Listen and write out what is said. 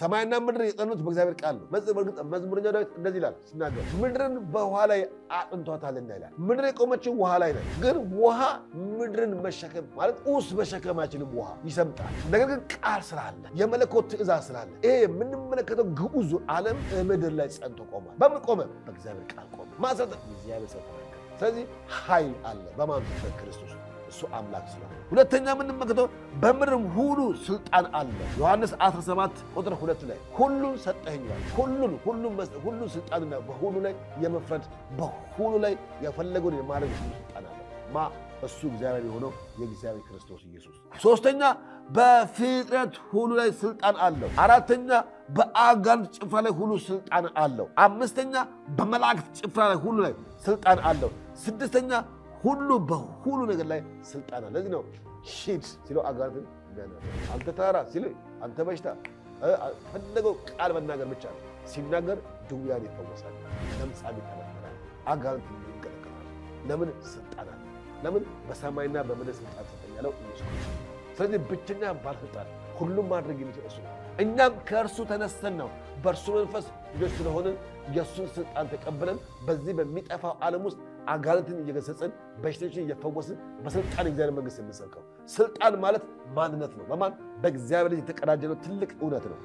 ሰማይና ምድር የጸኑት በእግዚአብሔር ቃል ነው። መዝሙረኛው ዳዊት እንደዚህ ይላል ሲናገር ምድርን በውሃ ላይ አጥንቷታልና ይላል። ምድር የቆመችው ውሃ ላይ ነው። ግን ውሃ ምድርን መሸከም ማለት ቁስ መሸከም አይችልም። ውሃ ይሰምጣል። ነገር ግን ቃል ስላለ፣ የመለኮት ትእዛዝ ስላለ ይሄ የምንመለከተው ግዑዙ ዓለም ምድር ላይ ጸንቶ ቆሟል። በምን ቆመ? በእግዚአብሔር ቃል ቆመ። ማሰጠ እግዚአብሔር ሰጠ። ስለዚህ ኃይል አለ በማምሰት በክርስቶስ እሱ አምላክ ስለሆነ። ሁለተኛ የምንመለከተው በምድርም ሁሉ ስልጣን አለ። ዮሐንስ 17 ቁጥር ሁለት ላይ ሁሉን ሰጠኸኛል። ሁሉን ሁሉን መስጠት ሁሉ ስልጣንና በሁሉ ላይ የመፍረድ በሁሉ ላይ የፈለገውን የማድረግ ስልጣን አለ ማ እሱ እግዚአብሔር የሆነው የእግዚአብሔር ክርስቶስ ኢየሱስ። ሶስተኛ በፍጥረት ሁሉ ላይ ስልጣን አለው። አራተኛ በአጋንንት ጭፍራ ላይ ሁሉ ስልጣን አለው። አምስተኛ በመላእክት ጭፍራ ላይ ሁሉ ላይ ስልጣን አለው። ስድስተኛ ሁሉ በሁሉ ነገር ላይ ስልጣን አለ። ለዚህ ነው ሂድ ሲለው አጋንንትን አንተ ተራ ሲል አንተ በሽታ ፈለገው ቃል መናገር ብቻ ነው። ሲናገር ድውያን ይፈወሳል፣ ለምጻም ይጠነከራል፣ አጋንንት ይገለገላል። ለምን ስልጣን አለ። ለምን በሰማይና በምድር ስልጣን ሰጠኝ ያለው ኢየሱስ። ስለዚህ ብቸኛ ባለስልጣን ሁሉም ማድረግ የሚችል እሱ ነው። እኛም ከእርሱ ተነስተን ነው በእርሱ መንፈስ ልጆች ስለሆንን የእሱን ስልጣን ተቀብለን በዚህ በሚጠፋው ዓለም ውስጥ አጋንንትን እየገሰጽን በሽተችን እየፈወስን በስልጣን እግዚአብሔር መንግስት የምንሰብከው ስልጣን ማለት ማንነት ነው። በማን በእግዚአብሔር ልጅ የተቀዳጀነው ትልቅ እውነት ነው።